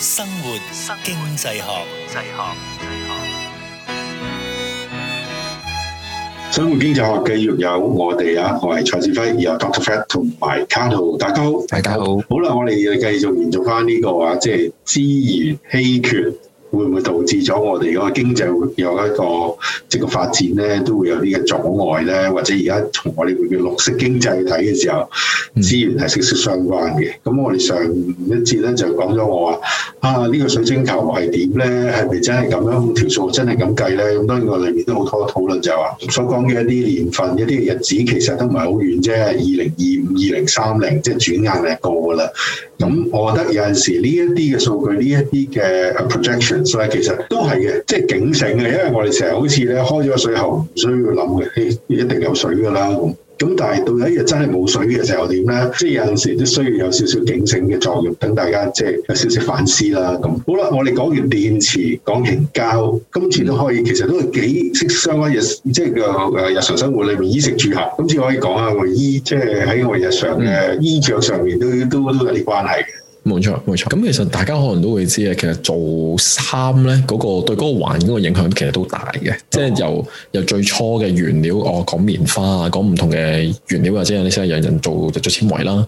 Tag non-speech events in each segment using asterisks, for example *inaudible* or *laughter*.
生活、生經濟學，經濟學，生活經濟學繼續有我哋啊，我係蔡志輝，然後 Doctor Fat 同埋 Cato，大家好，大家好。好啦，我哋要繼續延續返呢個啊，即係資源稀缺。會唔會導致咗我哋嗰個經濟會有一個即個發展咧，都會有啲嘅阻礙咧？或者而家從我哋會叫綠色經濟睇嘅時候，資源係息息相關嘅。咁、嗯、我哋上一節咧就講咗我話啊，呢、呢個水晶球係點咧？係咪真係咁樣條、嗰個、數真係咁計咧？咁當然我裏面都好多討論就話、係、所講嘅一啲年份、一啲日子，其實都唔係好遠啫。二零二五、二零三零，即係轉眼就過噶啦。咁我覺得有陣時呢一啲嘅數據，呢啲嘅 projections 咧，其實都係嘅，即係警醒嘅，因為我哋成日好似咧開咗水喉，唔需要諗嘅，一定有水㗎啦。咁但係到有一日真係冇水嘅時候點咧？即係有陣時都需要有少少警醒嘅作用，等大家即係有少少反思啦。咁好啦，我哋講完電池，講完膠，今次都可以其實都係幾息息相關、啊、嘅，日，日常生活裏面衣食住行，今次可以講下我衣即係喺我日常嘅衣着上面都都，都有啲關係嘅。冇錯，冇錯。咁其實大家可能都會知啊，其實做衫咧，嗰個對嗰個環境嘅影響其實都大嘅。即係由由最初嘅原料，我、哦、講棉花啊，講唔同嘅原料，或者你識下有人做就做纖維啦，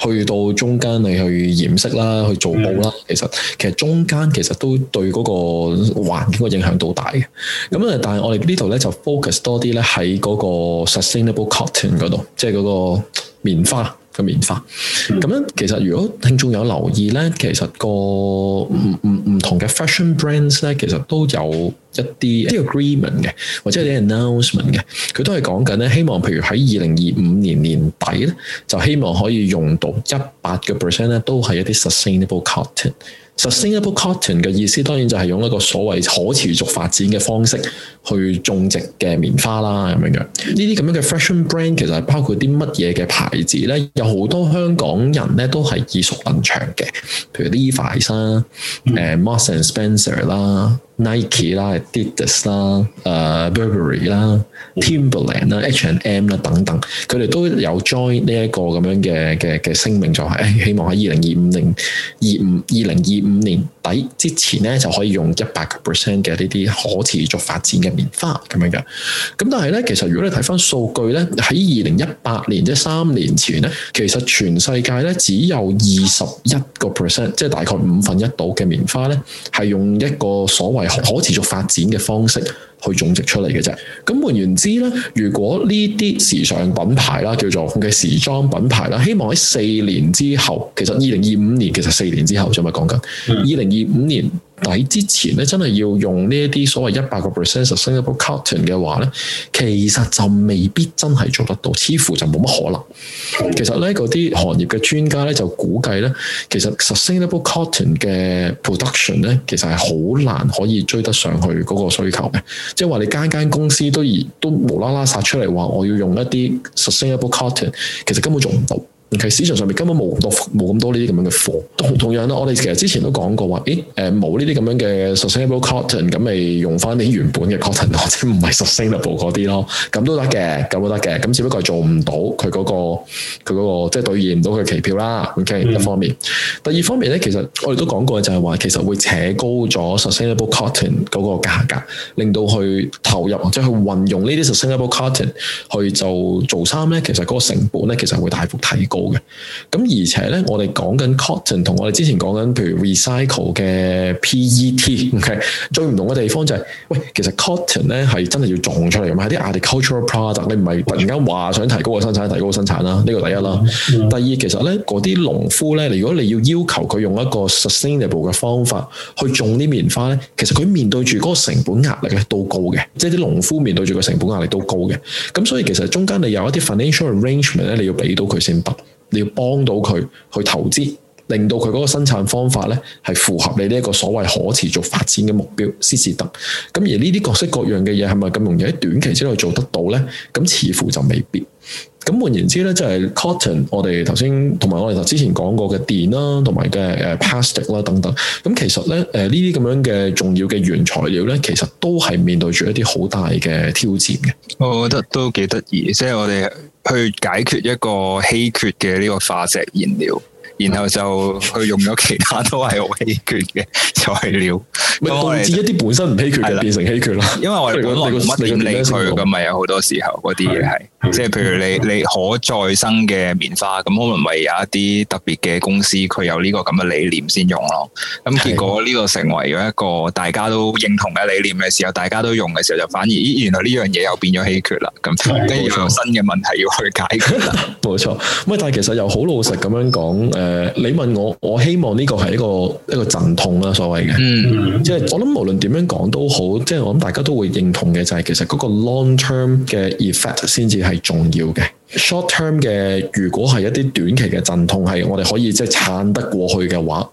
去到中間你去染色啦，去做布啦。其實其實中間其實都對嗰個環境嘅影響都大嘅。咁啊，但係我哋呢度咧就 focus 多啲咧喺嗰個 sustainable cotton 嗰度，即係嗰個棉花。嘅棉花，咁樣其實如果聽眾有留意咧，其實個唔唔唔同嘅 fashion brands 咧，其實都有一啲 agreement 嘅，或者啲 announcement 嘅，佢都係講緊咧，希望譬如喺二零二五年年底咧，就希望可以用到一百個 percent 咧，都係一啲 sustainable cotton。Sustainable cotton 嘅意思當然就係用一個所謂可持續發展嘅方式去種植嘅棉花啦，咁樣這這樣。呢啲咁樣嘅 fashion brand 其實係包括啲乜嘢嘅牌子咧？有好多香港人咧都係耳熟能詳嘅，譬如啲 Levi's 啦、誒、hmm. uh, Marks and Spencer 啦。Nike 啦 Ad、Adidas 啦、誒 Burberry 啦、Timberland 啦、H and M 啦等等，佢哋都有 join 呢一個咁樣嘅嘅嘅聲明就係，希望喺二零二五年零二五二零二五年。25, 底之前咧就可以用一百個 percent 嘅呢啲可持續發展嘅棉花咁樣嘅，咁但係咧其實如果你睇翻數據咧，喺二零一八年即係三年前咧，其實全世界咧只有二十一個 percent，即係大概五分一度嘅棉花咧，係用一個所謂可持續發展嘅方式，去種植出嚟嘅啫，咁換言之咧，如果呢啲時尚品牌啦，叫做嘅時裝品牌啦，希望喺四年之後，其實二零二五年，其實四年之後，就咪講緊二零二五年，底之前咧，真係要用呢一啲所謂一百個 percent sustainable cotton 嘅話咧，其實就未必真係做得到，似乎就冇乜可能。其實咧，嗰啲行業嘅專家咧就估計咧，其實 sustainable cotton 嘅 production 咧，其實係好難可以追得上去嗰個需求嘅。即係話你間間公司都而都無啦啦殺出嚟話我要用一啲 sustainable cotton，其實根本做唔到。其實市場上面根本冇咁多冇咁多呢啲咁樣嘅貨，同同樣啦，我哋其實之前都講過話，誒誒冇呢啲咁樣嘅 sustainable cotton，咁咪用翻你原本嘅 cotton 或者唔係 sustainable 嗰啲咯，咁都得嘅，咁都得嘅，咁只不過係做唔到佢嗰個佢嗰個即係兌現唔到佢嘅期票啦。OK，嗯，一方面，第二方面咧，其實我哋都講過就係話，其實會扯高咗 sustainable cotton 嗰個價格，令到去投入或者去運用呢啲 sustainable cotton 去做做衫咧，其實嗰個成本咧，其實會大幅提高。咁而且咧，我哋講緊 cotton 同我哋之前講緊，譬如 recycle 嘅 PET 最唔同嘅地方就係，喂，其實 cotton 咧係真係要種出嚟，咪係啲 agricultural product，你唔係突然間話想提高個生產，提高個生產啦，呢個第一啦。第二，其實咧個啲農夫咧，如果你要要求佢用一個 sustainable 嘅方法去種啲棉花咧，其實佢面對住嗰個成本壓力咧都高嘅，即係啲農夫面對住個成本壓力都高嘅。咁所以其實中間你有一啲 financial arrangement 咧，你要俾到佢先得。你要幫到佢去投資，令到佢嗰個生產方法咧係符合你呢一個所謂可持續發展嘅目標，斯捷特。咁而呢啲各式各樣嘅嘢係咪咁容易喺短期之內做得到咧？咁似乎就未必。咁換言之咧，就係、是、cotton，我哋頭先同埋我哋頭之前講過嘅電啦，同埋嘅誒 plastic 啦等等。咁其實咧，誒呢啲咁樣嘅重要嘅原材料咧，其實都係面對住一啲好大嘅挑戰嘅。我覺得都幾得意，即係我哋去解決一個稀缺嘅呢個化石燃料，然後就去用咗其他都係好稀缺嘅材料，咪 *laughs* 我導致一啲本身唔稀缺嘅變成稀缺咯。因為我哋本來乜唔理佢咪有好多時候嗰啲嘢係。 *laughs* 即係譬如你你可再生嘅棉花，咁可能咪有一啲特別嘅公司佢有呢個咁嘅理念先用咯。咁結果呢個成為咗一個大家都認同嘅理念嘅時候，大家都用嘅時候，就反而原來呢樣嘢又變咗稀缺啦。咁跟住有新嘅問題要去解決啦。冇 *laughs* 錯，喂！但係其實又好老實咁樣講，誒、呃，你問我，我希望呢個係一個一個陣痛啊，所謂嘅。即係、嗯、我諗無論點樣講都好，即、就、係、是、我諗大家都會認同嘅就係其實嗰個 long term 嘅 effect 先至係。重要嘅 short term 嘅，如果係一啲短期嘅陣痛，係我哋可以即係、就是、撐得過去嘅話，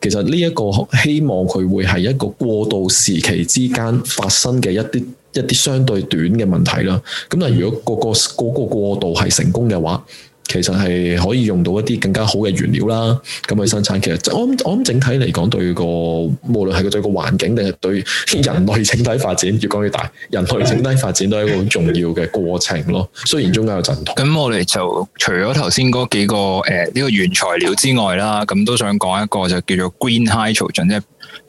其實呢一個希望佢會係一個過渡時期之間發生嘅一啲一啲相對短嘅問題啦。咁但係如果、那個個嗰個過渡係成功嘅話，其實係可以用到一啲更加好嘅原料啦，咁去生產。其實我我諗整體嚟講，對個無論係對個環境定係對人類整體發展越講越大，人類整體發展都係一個好重要嘅過程咯。雖然中間有陣痛。咁我哋就除咗頭先嗰幾個呢、呃呢個原材料之外啦，咁都想講一個就叫做 green hydrogen 即係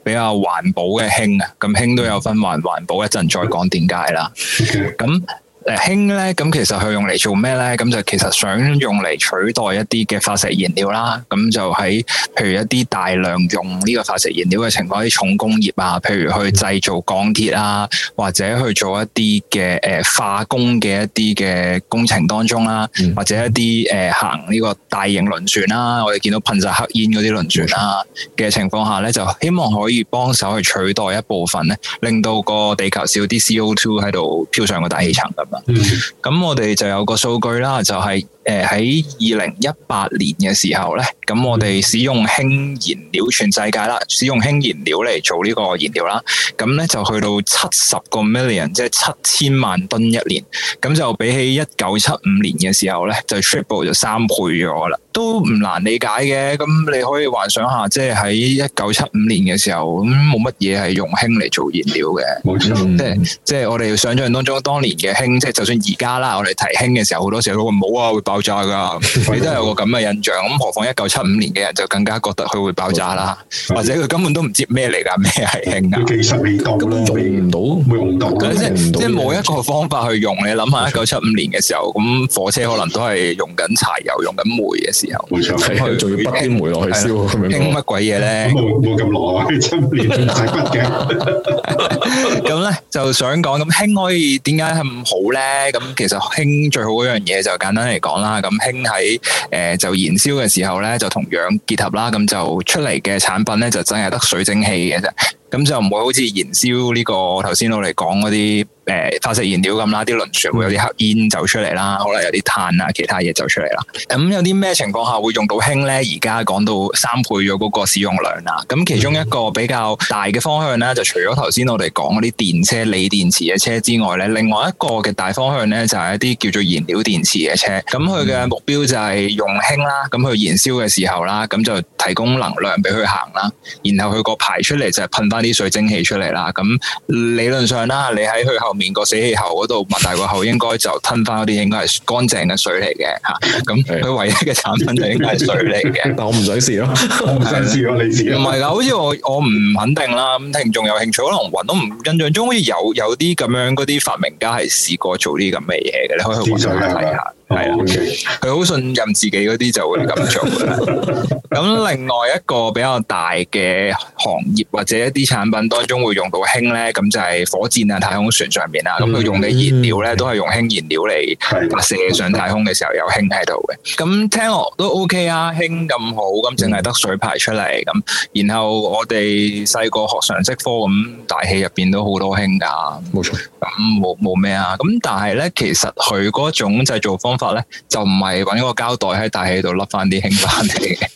比較環保嘅氫啊。咁氫都有分環唔環保，一陣再講點解啦。咁。誒氫咧，咁其實佢用嚟做咩咧？咁就其實想用嚟取代一啲嘅化石燃料啦。咁就喺譬如一啲大量用呢個化石燃料嘅情況，啲重工業啊，譬如去製造鋼鐵啊，或者去做一啲嘅誒化工嘅一啲嘅工程當中啦，嗯、或者一啲誒行呢個大型輪船啦，我哋見到噴晒黑煙嗰啲輪船啦嘅情況下咧，就希望可以幫手去取代一部分咧，令到個地球少啲 C O two 喺度飄上個大氣層咁。咁 *noise* 我哋就有個數據啦，就係、是。誒喺二零一八年嘅時候咧，咁我哋使用氫燃料全世界啦，使用氫燃料嚟做呢個燃料啦，咁咧就去到七十個 million，即係七千萬噸一年，咁就比起一九七五年嘅時候咧，就 triple 就三倍咗啦，都唔難理解嘅。咁你可以幻想下，即係喺一九七五年嘅時候，咁冇乜嘢係用氫嚟做燃料嘅，冇錯錯， *laughs* 即係即係我哋想象當中當年嘅氫，即係就算而家啦，我哋提氫嘅時候好多時候都會冇啊，爆炸噶，你都有個咁嘅印象。咁何況一九七五年嘅人就更加覺得佢會爆炸啦，或者佢根本都唔知咩嚟噶，咩係興噶，根本用唔到，用唔到，即係即係冇一個方法去用。你諗下一九七五年嘅時候，咁火車可能都係用緊柴油、用緊煤嘅時候，冇錯，仲要北京煤落去燒，興乜鬼嘢咧？冇冇咁耐啊？七年先睇北京。咁咧 *laughs* 就想講，咁氫可以點解係咁好咧？咁其實氫最好嗰樣嘢就簡單嚟講啦。咁氫喺誒就燃燒嘅時候咧，就同氧結合啦，咁就出嚟嘅產品咧，就真係得水蒸氣嘅啫。就是咁就唔會好似燃燒呢個頭先我哋講嗰啲誒化石燃料咁啦，啲輪船會有啲黑煙走出嚟啦，可能有啲碳啊其他嘢走出嚟啦。咁、嗯、有啲咩情況下會用到氫呢？而家講到三倍咗嗰個使用量啦。咁其中一個比較大嘅方向呢，就除咗頭先我哋講嗰啲電車、鋰電池嘅車之外呢，另外一個嘅大方向呢，就係一啲叫做燃料電池嘅車。咁佢嘅目標就係用氫啦，咁佢燃燒嘅時候啦，咁就提供能量俾佢行啦，然後佢個排出嚟就係噴翻啲水蒸氣出嚟啦，咁理論上啦，你喺佢後面個死氣喉嗰度擘大個口，應該就吞翻嗰啲，應該係乾淨嘅水嚟嘅吓。咁佢唯一嘅產品就應該係水嚟嘅。但係我唔想試咯，我唔想試咯，你試咯。唔係噶，好似我我唔肯定啦。咁聽眾有興趣，可能云都唔印象中好似有有啲咁樣嗰啲發明家係試過做呢咁嘅嘢嘅，你可以去搵佢睇下。係啊，佢好信任自己嗰啲就會咁做啦。咁 *laughs* 另外一個比較大嘅行業或者一啲產品當中會用到氫咧，咁就係火箭啊、太空船上面啊。咁佢、嗯、用嘅燃料咧、嗯、都係用氫燃料嚟射上太空嘅時候有氫喺度嘅。咁、嗯、聽落都 OK 啊，氫咁好，咁淨係得水排出嚟。咁、嗯、然後我哋細個學常識科咁大氣入邊都好多氫噶，冇錯錯。咁冇冇咩啊？咁但係咧，其實佢嗰種製造方法。就唔係揾個膠袋喺大氣度甩翻啲氫翻嚟嘅，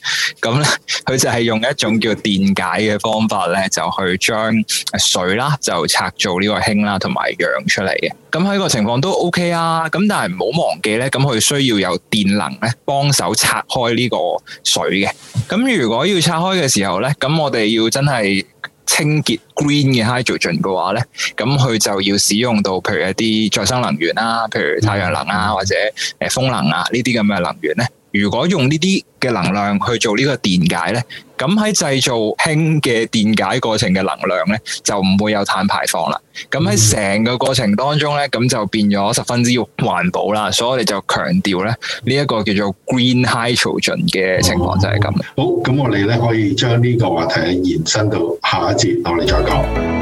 咁咧佢就係用一種叫電解嘅方法咧，就去將水啦就拆做呢個氫啦同埋氧出嚟嘅。咁喺個情況都 OK 啊，咁但係唔好忘記咧，咁佢需要有電能咧幫手拆開呢個水嘅。咁如果要拆開嘅時候咧，咁我哋要真係。清潔 green 嘅 hydrogen 嘅話咧，咁佢就要使用到譬如一啲再生能源啦，譬如太陽能啊或者誒風能啊呢啲咁嘅能源咧。如果用呢啲嘅能量去做呢個電解呢，咁喺製造氫嘅電解過程嘅能量呢，就唔會有碳排放啦。咁喺成個過程當中呢，咁就變咗十分之環保啦。所以我哋就強調呢，呢一個叫做 Green Hydrogen 嘅情況就係咁。好，咁我哋呢，可以將呢個話題延伸到下一節，我哋再講。